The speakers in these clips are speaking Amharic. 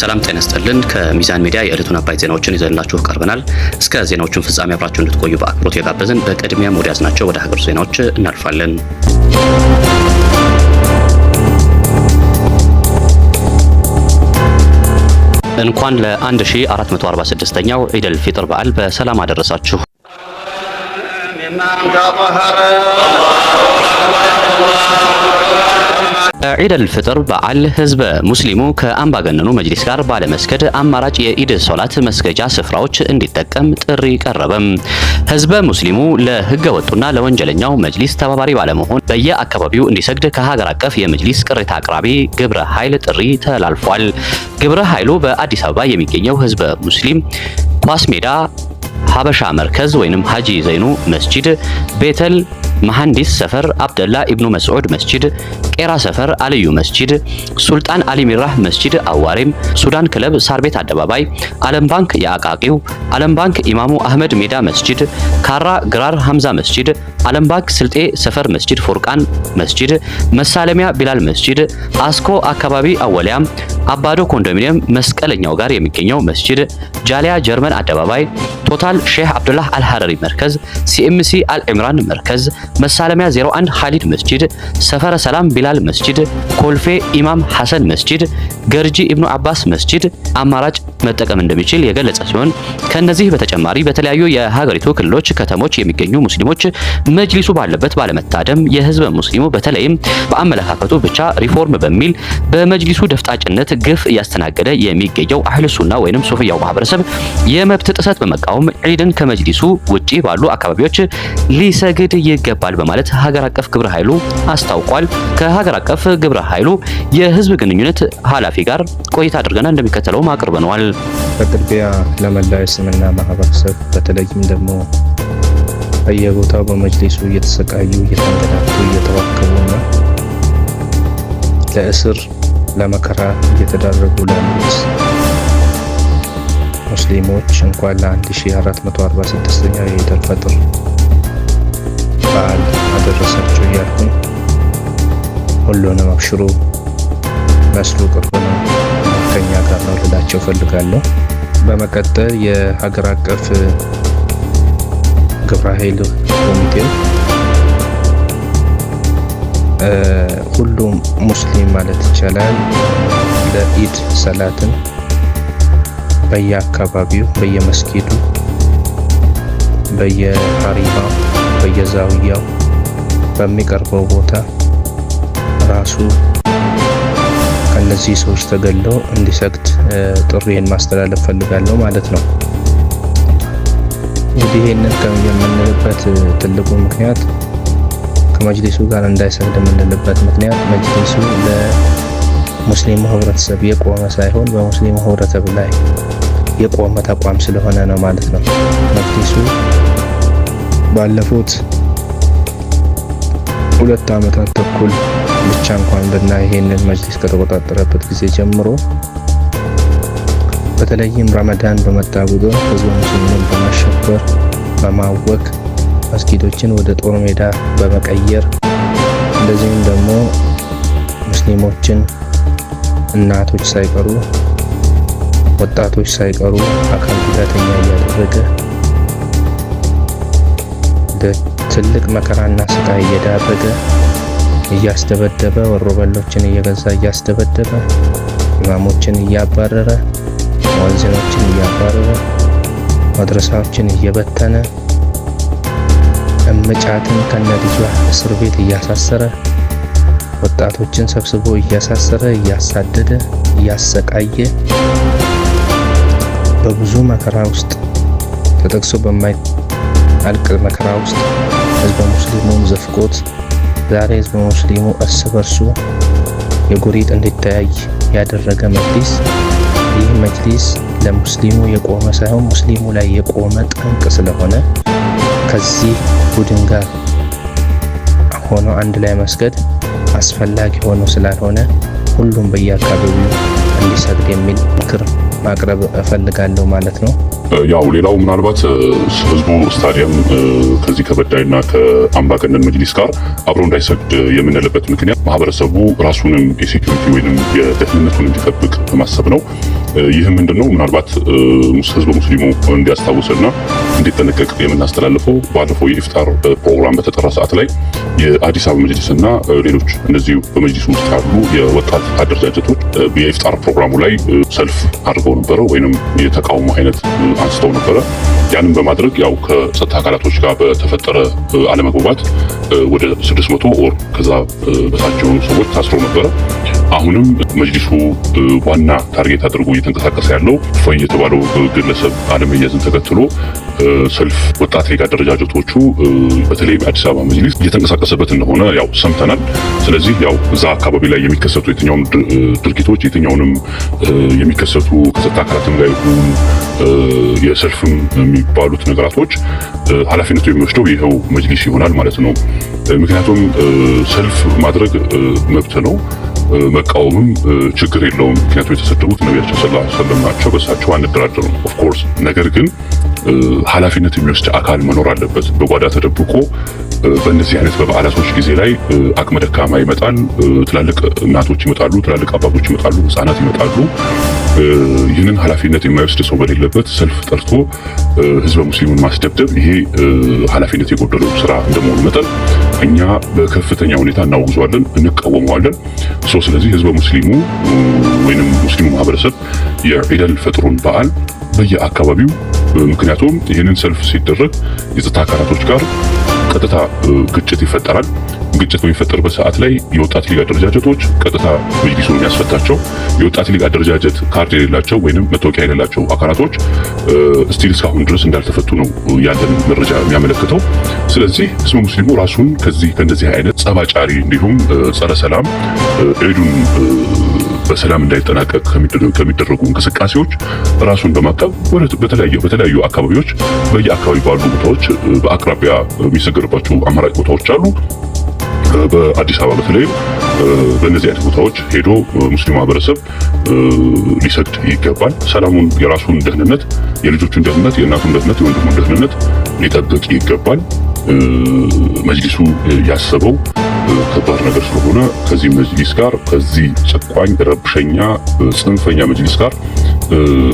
ሰላም ጤና ከሚዛን ሚዲያ የዕለቱን አባይ ዜናዎችን ይዘንላችሁ ቀርበናል። እስከ ዜናዎቹን ፍጻሜ አብራችሁ እንድትቆዩ በአክብሮት የጋበዝን። በቅድሚያም ወደ ያዝናቸው ወደ ሀገር ዜናዎች እናልፋለን። እንኳን ለ1446ኛው ኢደል ፊጥር በዓል በሰላም አደረሳችሁ። በዒደል ፍጥር በዓል ህዝበ ሙስሊሙ ከአምባገነኑ መጅሊስ ጋር ባለመስገድ አማራጭ የኢድ ሶላት መስገጃ ስፍራዎች እንዲጠቀም ጥሪ ቀረበም። ህዝበ ሙስሊሙ ለህገ ወጡና ለወንጀለኛው መጅሊስ ተባባሪ ባለመሆን በየአካባቢው እንዲሰግድ ከሀገር አቀፍ የመጅሊስ ቅሬታ አቅራቢ ግብረ ኃይል ጥሪ ተላልፏል። ግብረ ኃይሉ በአዲስ አበባ የሚገኘው ህዝበ ሙስሊም ኳስ ሜዳ ሀበሻ መርከዝ ወይም ሀጂ ዘይኑ መስጂድ ቤተል መሐንዲስ ሰፈር አብደላ ኢብኑ መስዑድ መስጂድ፣ ቄራ ሰፈር አልዩ መስጂድ፣ ሱልጣን አሊ ሚራህ መስጂድ አዋሬም፣ ሱዳን ክለብ ሳር ቤት አደባባይ፣ ዓለም ባንክ የአቃቂው፣ ዓለም ባንክ ኢማሙ አህመድ ሜዳ መስጂድ፣ ካራ ግራር ሐምዛ መስጂድ፣ ዓለም ባንክ ስልጤ ሰፈር መስጂድ፣ ፎርቃን መስጂድ፣ መሳለሚያ ቢላል መስጂድ፣ አስኮ አካባቢ አወሊያም፣ አባዶ ኮንዶሚኒየም መስቀለኛው ጋር የሚገኘው መስጂድ፣ ጃሊያ ጀርመን አደባባይ፣ ቶታል ሼህ አብዱላህ አልሐረሪ መርከዝ፣ ሲኤምሲ አልዕምራን መርከዝ መሳለሚያ 01 ሀሊድ መስጂድ፣ ሰፈረ ሰላም ቢላል መስጂድ፣ ኮልፌ ኢማም ሐሰን መስጂድ፣ ገርጂ ኢብኑ አባስ መስጂድ አማራጭ መጠቀም እንደሚችል የገለጸ ሲሆን ከነዚህ በተጨማሪ በተለያዩ የሀገሪቱ ክልሎች ከተሞች የሚገኙ ሙስሊሞች መጅሊሱ ባለበት ባለመታደም የህዝብ ሙስሊሙ በተለይም በአመለካከቱ ብቻ ሪፎርም በሚል በመጅሊሱ ደፍጣጭነት ግፍ እያስተናገደ የሚገኘው አህል ሱና ወይንም ሱፍያው ማህበረሰብ የመብት ጥሰት በመቃወም ዒድን ከመጅሊሱ ውጪ ባሉ አካባቢዎች ሊሰግድ ይገባል ይገባል በማለት ሀገር አቀፍ ግብረ ኃይሉ አስታውቋል። ከሀገር አቀፍ ግብረ ኃይሉ የህዝብ ግንኙነት ኃላፊ ጋር ቆይታ አድርገና እንደሚከተለውም አቅርበነዋል። በቅድሚያ ለመላው የእስልምና ማህበረሰብ በተለይም ደግሞ በየቦታው በመጅሊሱ እየተሰቃዩ እየተንገዳቱ እየተዋከቡና ለእስር ለመከራ እየተዳረጉ ላሉት ሙስሊሞች እንኳን ለ1446ኛው የኢድ አል በዓል አደረሳችሁ እያልኩኝ ሁሉንም አብሽሩ መስሉ ቅርብ ነው ከኛ ጋር ነው ልላቸው ፈልጋለሁ። በመቀጠል የሀገር አቀፍ ግብረ ኃይል ኮሚቴው ሁሉም ሙስሊም ማለት ይቻላል ለኢድ ሰላትን በየአካባቢው በየመስጊዱ በየሀሪማ በየዛውያው በሚቀርበው ቦታ ራሱ ከነዚህ ሰዎች ተገሎ እንዲሰግድ ጥሪን ማስተላለፍ ፈልጋለሁ ማለት ነው። እንግዲህ ይህንን የምንልበት ትልቁ ምክንያት ከመጅሊሱ ጋር እንዳይሰግድ የምንልበት ምክንያት መጅሊሱ ለሙስሊሙ ህብረተሰብ የቆመ ሳይሆን በሙስሊሙ ህብረተሰብ ላይ የቆመ ተቋም ስለሆነ ነው ማለት ነው። መጅሊሱ ባለፉት ሁለት ዓመታት ተኩል ብቻ እንኳን ብናይ ይሄንን መጅሊስ ከተቆጣጠረበት ጊዜ ጀምሮ በተለይም ረመዳን በመጣ ቁጥር ህዝበ ሙስሊሙን በማሸበር በማወክ መስጊዶችን ወደ ጦር ሜዳ በመቀየር እንደዚሁም ደግሞ ሙስሊሞችን እናቶች ሳይቀሩ ወጣቶች ሳይቀሩ አካል ጉዳተኛ እያደረገ ትልቅ መከራና ስቃይ እየዳበደ እያስደበደበ ወሮበሎችን እየገዛ እያስደበደበ ኢማሞችን እያባረረ መዋዘኖችን እያባረረ መድረሳዎችን እየበተነ እምጫትን ልጇ እስር ቤት እያሳሰረ ወጣቶችን ሰብስቦ እያሳሰረ እያሳደደ እያሰቃየ በብዙ መከራ ውስጥ ተጠቅሶ በማይ አልቅል መከራ ውስጥ ህዝበ ሙስሊሙን ዘፍቆት ዛሬ ህዝበ ሙስሊሙ እርስ በርሱ የጎሪጥ እንዲተያይ ያደረገ መጅሊስ። ይህ መጅሊስ ለሙስሊሙ የቆመ ሳይሆን ሙስሊሙ ላይ የቆመ ጠንቅ ስለሆነ ከዚህ ቡድን ጋር ሆኖ አንድ ላይ መስገድ አስፈላጊ ሆኖ ስላልሆነ ሁሉም በየአካባቢው እንዲሰግድ የሚል ምክር ማቅረብ እፈልጋለሁ ማለት ነው። ያው ሌላው ምናልባት ህዝቡ ስታዲየም ከዚህ ከበዳይና ከአምባገነን መጅሊስ ጋር አብሮ እንዳይሰግድ የምንልበት ምክንያት ማህበረሰቡ ራሱንም የሴኩሪቲ ወይም የደህንነቱን እንዲጠብቅ በማሰብ ነው። ይህ ምንድን ነው? ምናልባት ህዝበ ሙስሊሙ እንዲያስታውስና እንዲጠነቀቅ የምናስተላልፈው ባለፈው የኢፍጣር ፕሮግራም በተጠራ ሰዓት ላይ የአዲስ አበባ መጅሊስ እና ሌሎች እነዚሁ በመጅሊሱ ውስጥ ያሉ የወጣት አደረጃጀቶች የኢፍጣር ፕሮግራሙ ላይ ሰልፍ አድርገው ነበረ፣ ወይም የተቃውሞ አይነት አንስተው ነበረ። ያንን በማድረግ ያው ከጸጥታ አካላቶች ጋር በተፈጠረ አለመግባባት ወደ 600 ወር ከዛ በታች የሆኑ ሰዎች ታስረው ነበረ። አሁንም መጅሊሱ ዋና ታርጌት አድርጎ እየተንቀሳቀሰ ያለው ፎይ የተባለው ግለሰብ አለመያዝን ተከትሎ ሰልፍ ወጣት ሌጋ አደረጃጀቶቹ በተለይ በአዲስ አበባ መጅሊስ እየተንቀሳቀሰበት እንደሆነ ያው ሰምተናል። ስለዚህ ያው እዛ አካባቢ ላይ የሚከሰቱ የትኛውም ድርጊቶች የትኛውንም የሚከሰቱ ከጸጥታ አካላትም ጋር ይሁን የሰልፍም የሚባሉት ነገራቶች ኃላፊነቱ የሚወስደው ይኸው መጅሊስ ይሆናል ማለት ነው። ምክንያቱም ሰልፍ ማድረግ መብት ነው። መቃወምም ችግር የለውም። ምክንያቱም የተሰደቡት ነቢያቸው ሰለላሁ ዐለይሂ ወሰለም ናቸው፣ በእሳቸው አንደራደርም። ኦፍኮርስ ነገር ግን ኃላፊነት የሚወስድ አካል መኖር አለበት። በጓዳ ተደብቆ በእነዚህ አይነት በበዓላቶች ጊዜ ላይ አቅመ ደካማ ይመጣል፣ ትላልቅ እናቶች ይመጣሉ፣ ትላልቅ አባቶች ይመጣሉ፣ ህጻናት ይመጣሉ። ይህንን ኃላፊነት የማይወስድ ሰው በሌለበት ሰልፍ ጠርቶ ህዝበ ሙስሊሙን ማስደብደብ ይሄ ኃላፊነት የጎደለው ስራ እንደመሆኑ መጠን እኛ በከፍተኛ ሁኔታ እናወግዘዋለን፣ እንቃወመዋለን። ሰው ስለዚህ ህዝበ ሙስሊሙ ወይንም ሙስሊሙ ማህበረሰብ የዒደል ፈጥሮን በዓል በየአካባቢው ምክንያቱም ይህንን ሰልፍ ሲደረግ የጸጥታ አካላቶች ጋር ቀጥታ ግጭት ይፈጠራል። ግጭት በሚፈጠርበት ሰዓት ላይ የወጣት ሊግ አደረጃጀቶች ቀጥታ መጅሊሱ የሚያስፈታቸው። የወጣት ሊግ አደረጃጀት ካርድ የሌላቸው ወይንም መታወቂያ የሌላቸው አካላቶች ስቲል እስካሁን ድረስ እንዳልተፈቱ ነው ያለን መረጃ የሚያመለክተው። ስለዚህ እስመ ሙስሊሙ ራሱን ከዚህ ከእንደዚህ አይነት ጸባጫሪ እንዲሁም ጸረ ሰላም ኤዱን በሰላም እንዳይጠናቀቅ ከሚደረጉ እንቅስቃሴዎች ራሱን በማቀብ በተለያዩ አካባቢዎች በየአካባቢ ባሉ ቦታዎች በአቅራቢያ የሚሰገርባቸው አማራጭ ቦታዎች አሉ። በአዲስ አበባ በተለይ በእነዚህ አይነት ቦታዎች ሄዶ ሙስሊም ማህበረሰብ ሊሰግድ ይገባል። ሰላሙን፣ የራሱን ደህንነት፣ የልጆቹን ደህንነት፣ የእናቱን ደህንነት፣ የወንድሙን ደህንነት ሊጠብቅ ይገባል። መጅሊሱ ያሰበው ከባድ ነገር ስለሆነ ከዚህ መጅሊስ ጋር ከዚህ ጨቋኝ ረብሸኛ ጽንፈኛ መጅሊስ ጋር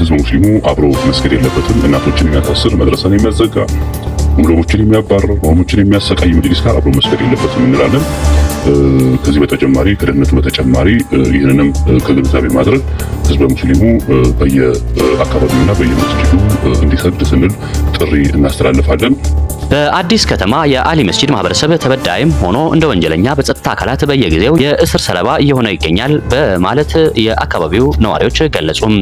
ህዝብ ሙስሊሙ አብሮ መስገድ የለበትም። እናቶችን የሚያሳስር መድረሰን የሚያዘጋ ሙስሊሞችን የሚያባረር ኦሞችን የሚያሰቃይ መጅሊስ ጋር አብሮ መስገድ የለበትም እንላለን። ከዚህ በተጨማሪ ከደህንነቱ በተጨማሪ ይህንንም ከግንዛቤ ማድረግ ህዝበ ሙስሊሙ በየአካባቢውና በየመስጅዱ እንዲሰግድ ስንል ጥሪ እናስተላልፋለን። በአዲስ ከተማ የአሊ መስጂድ ማህበረሰብ ተበዳይም ሆኖ እንደ ወንጀለኛ በጸጥታ አካላት በየጊዜው የእስር ሰለባ እየሆነ ይገኛል በማለት የአካባቢው ነዋሪዎች ገለጹም።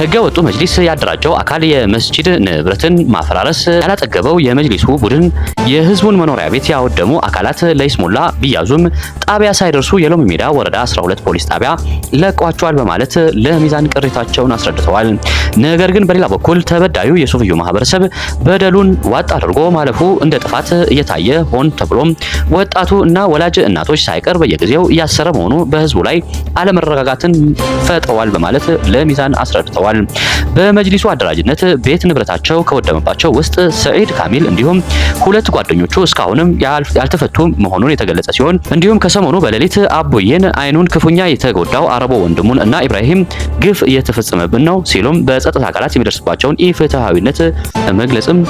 ህገ ወጡ መጅሊስ ያደራጀው አካል የመስጂድ ንብረትን ማፈራረስ ያላጠገበው የመጅሊሱ ቡድን የህዝቡን መኖሪያ ቤት ያወደሙ አካላት ለይስሙላ ቢያዙም ጣቢያ ሳይደርሱ የሎሚ ሜዳ ወረዳ 12 ፖሊስ ጣቢያ ለቋቸዋል በማለት ለሚዛን ቅሬታቸውን አስረድተዋል። ነገር ግን በሌላ በኩል ተበዳዩ የሱፍዩ ማህበረሰብ በደሉን ዋጥ አድርጎ ማለፉ መልኩ እንደ ጥፋት እየታየ ሆን ተብሎ ወጣቱ እና ወላጅ እናቶች ሳይቀር በየጊዜው እያሰረ መሆኑ በህዝቡ ላይ አለመረጋጋትን ፈጥሯል በማለት ለሚዛን አስረድተዋል። በመጅሊሱ አደራጅነት ቤት ንብረታቸው ከወደመባቸው ውስጥ ሰዒድ ካሚል እንዲሁም ሁለት ጓደኞቹ እስካሁንም ያልተፈቱ መሆኑን የተገለጸ ሲሆን እንዲሁም ከሰሞኑ በሌሊት አቦዬን አይኑን ክፉኛ የተጎዳው አረቦ ወንድሙን እና ኢብራሂም ግፍ እየተፈጸመብን ነው ሲሉም በጸጥታ አካላት የሚደርስባቸውን ኢፍትሐዊነት መግለጽም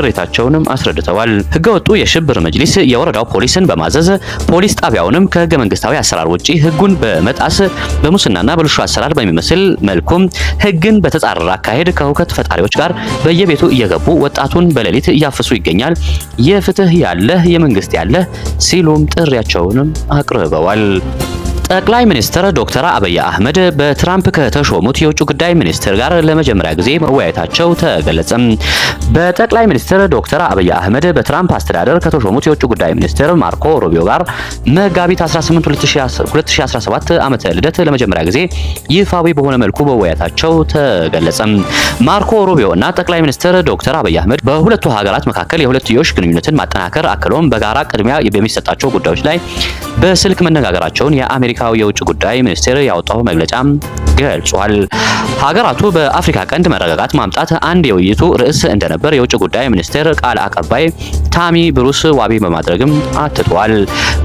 ቅሬታቸውንም አስረድተዋል። ህገወጡ የሽብር መጅሊስ የወረዳው ፖሊስን በማዘዝ ፖሊስ ጣቢያውንም ከህገ መንግስታዊ አሰራር ውጪ ህጉን በመጣስ በሙስናና ብልሹ አሰራር በሚመስል መልኩም ህግን በተጻረረ አካሄድ ከሁከት ፈጣሪዎች ጋር በየቤቱ እየገቡ ወጣቱን በሌሊት እያፈሱ ይገኛል። የፍትህ ያለህ የመንግስት ያለህ ሲሉም ጥሪያቸውንም አቅርበዋል። ጠቅላይ ሚኒስትር ዶክተር አብይ አህመድ በትራምፕ ከተሾሙት የውጭ ጉዳይ ሚኒስትር ጋር ለመጀመሪያ ጊዜ መወያየታቸው ተገለጸም። በጠቅላይ ሚኒስትር ዶክተር አብይ አህመድ በትራምፕ አስተዳደር ከተሾሙት የውጭ ጉዳይ ሚኒስትር ማርኮ ሮቢዮ ጋር መጋቢት 18 2017 ዓመተ ልደት ለመጀመሪያ ጊዜ ይፋዊ በሆነ መልኩ መወያየታቸው ተገለጸም። ማርኮ ሮቢዮ እና ጠቅላይ ሚኒስትር ዶክተር አብይ አህመድ በሁለቱ ሀገራት መካከል የሁለትዮሽ ግንኙነትን ማጠናከር አክሎም በጋራ ቅድሚያ በሚሰጣቸው ጉዳዮች ላይ በስልክ መነጋገራቸውን የአሜሪካ የአሜሪካው የውጭ ጉዳይ ሚኒስቴር ያወጣው መግለጫ ገልጿል። ሀገራቱ በአፍሪካ ቀንድ መረጋጋት ማምጣት አንድ የውይይቱ ርዕስ እንደነበር የውጭ ጉዳይ ሚኒስቴር ቃል አቀባይ ታሚ ብሩስ ዋቢ በማድረግም አትቷል።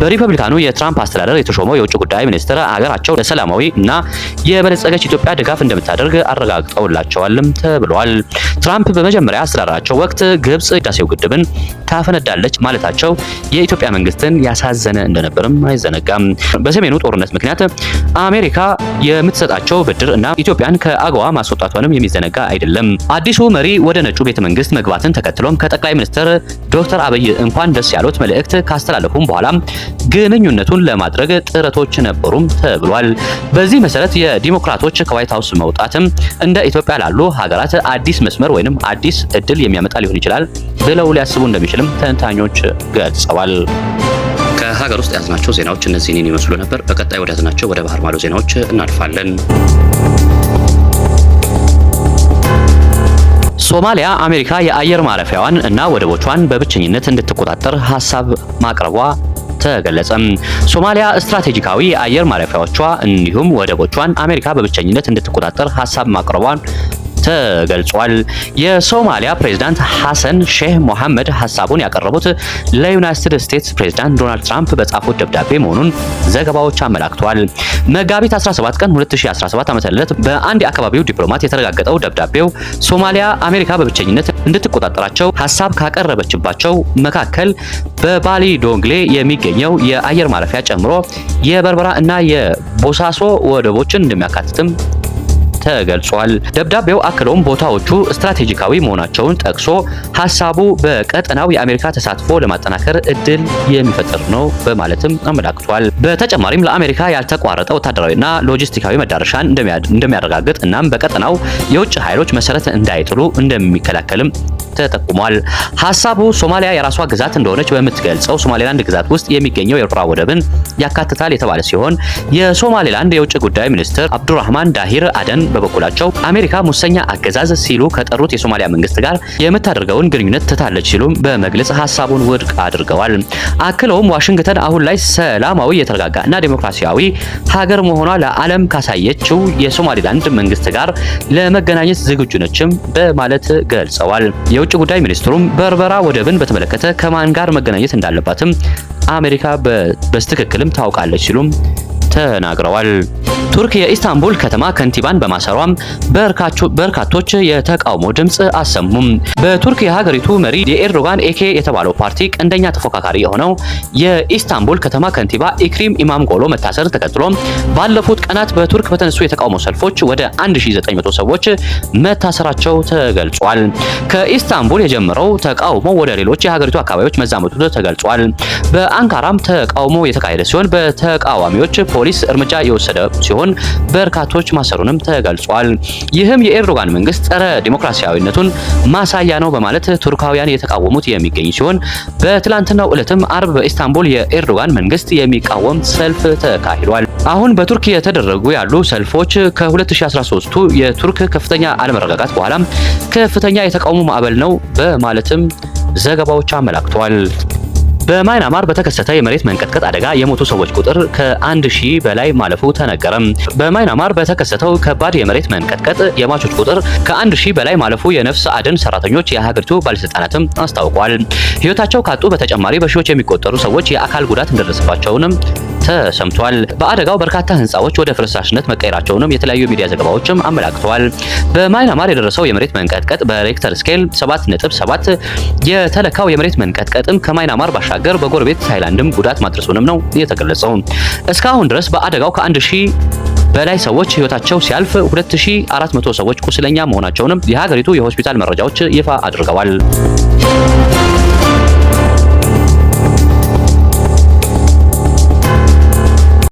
በሪፐብሊካኑ የትራምፕ አስተዳደር የተሾመው የውጭ ጉዳይ ሚኒስትር ሀገራቸው ለሰላማዊ እና የበለጸገች ኢትዮጵያ ድጋፍ እንደምታደርግ አረጋግጠውላቸዋልም ተብሏል። ትራምፕ በመጀመሪያ አስተዳደራቸው ወቅት ግብጽ ህዳሴው ግድብን ታፈነዳለች ማለታቸው የኢትዮጵያ መንግስትን ያሳዘነ እንደነበርም አይዘነጋም። በሰሜኑ ጦርነት ምክንያት አሜሪካ የምትሰጣቸው ብድር እና ኢትዮጵያን ከአገዋ ማስወጣቷንም የሚዘነጋ አይደለም። አዲሱ መሪ ወደ ነጩ ቤተ መንግስት መግባትን ተከትሎም ከጠቅላይ ሚኒስትር ዶክተር አብይ እንኳን ደስ ያሉት መልእክት ካስተላለፉም በኋላ ግንኙነቱን ለማድረግ ጥረቶች ነበሩም ተብሏል። በዚህ መሰረት የዲሞክራቶች ከዋይት ሀውስ መውጣትም እንደ ኢትዮጵያ ላሉ ሀገራት አዲስ መስመር ወይንም አዲስ እድል የሚያመጣ ሊሆን ይችላል ብለው ሊያስቡ እንደሚችልም ተንታኞች ገልጸዋል። ከሀገር ውስጥ የያዝናቸው ዜናዎች እነዚህን ይመስሉ ነበር። በቀጣይ ወደ ያዝናቸው ወደ ባህር ማዶ ዜናዎች እናልፋለን። ሶማሊያ አሜሪካ የአየር ማረፊያዋን እና ወደቦቿን በብቸኝነት እንድትቆጣጠር ሀሳብ ማቅረቧ ተገለጸም። ሶማሊያ ስትራቴጂካዊ የአየር ማረፊያዎቿ እንዲሁም ወደቦቿን አሜሪካ በብቸኝነት እንድትቆጣጠር ሀሳብ ማቅረቧን ተገልጿል። የሶማሊያ ፕሬዝዳንት ሐሰን ሼህ ሞሐመድ ሀሳቡን ያቀረቡት ለዩናይትድ ስቴትስ ፕሬዝዳንት ዶናልድ ትራምፕ በጻፉት ደብዳቤ መሆኑን ዘገባዎች አመላክተዋል። መጋቢት 17 ቀን 2017 ዓ.ም በአንድ የአካባቢው ዲፕሎማት የተረጋገጠው ደብዳቤው ሶማሊያ አሜሪካ በብቸኝነት እንድትቆጣጠራቸው ሀሳብ ካቀረበችባቸው መካከል በባሊ ዶንግሌ የሚገኘው የአየር ማረፊያ ጨምሮ የበርበራ እና የቦሳሶ ወደቦችን እንደሚያካትትም ተገልጿል። ደብዳቤው አክሎም ቦታዎቹ ስትራቴጂካዊ መሆናቸውን ጠቅሶ ሀሳቡ በቀጠናው የአሜሪካ ተሳትፎ ለማጠናከር እድል የሚፈጥር ነው በማለትም አመላክቷል። በተጨማሪም ለአሜሪካ ያልተቋረጠ ወታደራዊና ሎጂስቲካዊ መዳረሻን እንደሚያረጋግጥ እናም በቀጠናው የውጭ ኃይሎች መሰረት እንዳይጥሉ እንደሚከላከልም ተጠቁሟል። ሀሳቡ ሶማሊያ የራሷ ግዛት እንደሆነች በምትገልጸው ሶማሌላንድ ግዛት ውስጥ የሚገኘው የኤርትራ ወደብን ያካትታል የተባለ ሲሆን የሶማሌላንድ የውጭ ጉዳይ ሚኒስትር አብዱራህማን ዳሂር አደን በበኩላቸው አሜሪካ ሙሰኛ አገዛዝ ሲሉ ከጠሩት የሶማሊያ መንግስት ጋር የምታደርገውን ግንኙነት ትታለች ሲሉም በመግለጽ ሀሳቡን ውድቅ አድርገዋል። አክለውም ዋሽንግተን አሁን ላይ ሰላማዊ የተረጋጋ እና ዴሞክራሲያዊ ሀገር መሆኗ ለዓለም ካሳየችው የሶማሊላንድ መንግስት ጋር ለመገናኘት ዝግጁ ነችም በማለት ገልጸዋል። የውጭ ጉዳይ ሚኒስትሩም በርበራ ወደብን በተመለከተ ከማን ጋር መገናኘት እንዳለባትም አሜሪካ በስትክክልም ታውቃለች ሲሉም ተናግረዋል። ቱርክ የኢስታንቡል ከተማ ከንቲባን በማሰሯም በርካቶች የተቃውሞ ድምፅ አሰሙም። በቱርክ የሀገሪቱ መሪ የኤርዶጋን ኤኬ የተባለው ፓርቲ ቀንደኛ ተፎካካሪ የሆነው የኢስታንቡል ከተማ ከንቲባ ኢክሪም ኢማም ጎሎ መታሰር ተከትሎ ባለፉት ቀናት በቱርክ በተነሱ የተቃውሞ ሰልፎች ወደ 1900 ሰዎች መታሰራቸው ተገልጿል። ከኢስታንቡል የጀመረው ተቃውሞ ወደ ሌሎች የሀገሪቱ አካባቢዎች መዛመቱ ተገልጿል። በአንካራም ተቃውሞ የተካሄደ ሲሆን በተቃዋሚዎች ፖሊስ ፖሊስ እርምጃ የወሰደ ሲሆን በርካቶች ማሰሩንም ተገልጿል። ይህም የኤርዶጋን መንግስት ጸረ ዲሞክራሲያዊነቱን ማሳያ ነው በማለት ቱርካውያን የተቃወሙት የሚገኝ ሲሆን በትላንትናው ዕለትም አርብ በኢስታንቡል የኤርዶጋን መንግስት የሚቃወም ሰልፍ ተካሂዷል። አሁን በቱርክ የተደረጉ ያሉ ሰልፎች ከ2013ቱ የቱርክ ከፍተኛ አለመረጋጋት በኋላም ከፍተኛ የተቃውሞ ማዕበል ነው በማለትም ዘገባዎች አመላክተዋል። በማይናማር በተከሰተ የመሬት መንቀጥቀጥ አደጋ የሞቱ ሰዎች ቁጥር ከአንድ ሺህ በላይ ማለፉ ተነገረም። በማይናማር በተከሰተው ከባድ የመሬት መንቀጥቀጥ የሟቾች ቁጥር ከአንድ ሺህ በላይ ማለፉ የነፍስ አድን ሰራተኞች የሀገሪቱ ባለስልጣናትም አስታውቋል። ህይወታቸው ካጡ በተጨማሪ በሺዎች የሚቆጠሩ ሰዎች የአካል ጉዳት እንደደረሰባቸውንም ተሰምቷል። በአደጋው በርካታ ህንፃዎች ወደ ፍርስራሽነት መቀየራቸውንም የተለያዩ ሚዲያ ዘገባዎችም አመላክተዋል። በማይናማር የደረሰው የመሬት መንቀጥቀጥ በሬክተር ስኬል 7.7 የተለካው የመሬት መንቀጥቀጥም ከማይናማር ባሻገር በጎረቤት ታይላንድም ጉዳት ማድረሱንም ነው የተገለጸው። እስካሁን ድረስ በአደጋው ከአንድ 1000 በላይ ሰዎች ህይወታቸው ሲያልፍ 2400 ሰዎች ቁስለኛ መሆናቸውንም የሀገሪቱ የሆስፒታል መረጃዎች ይፋ አድርገዋል።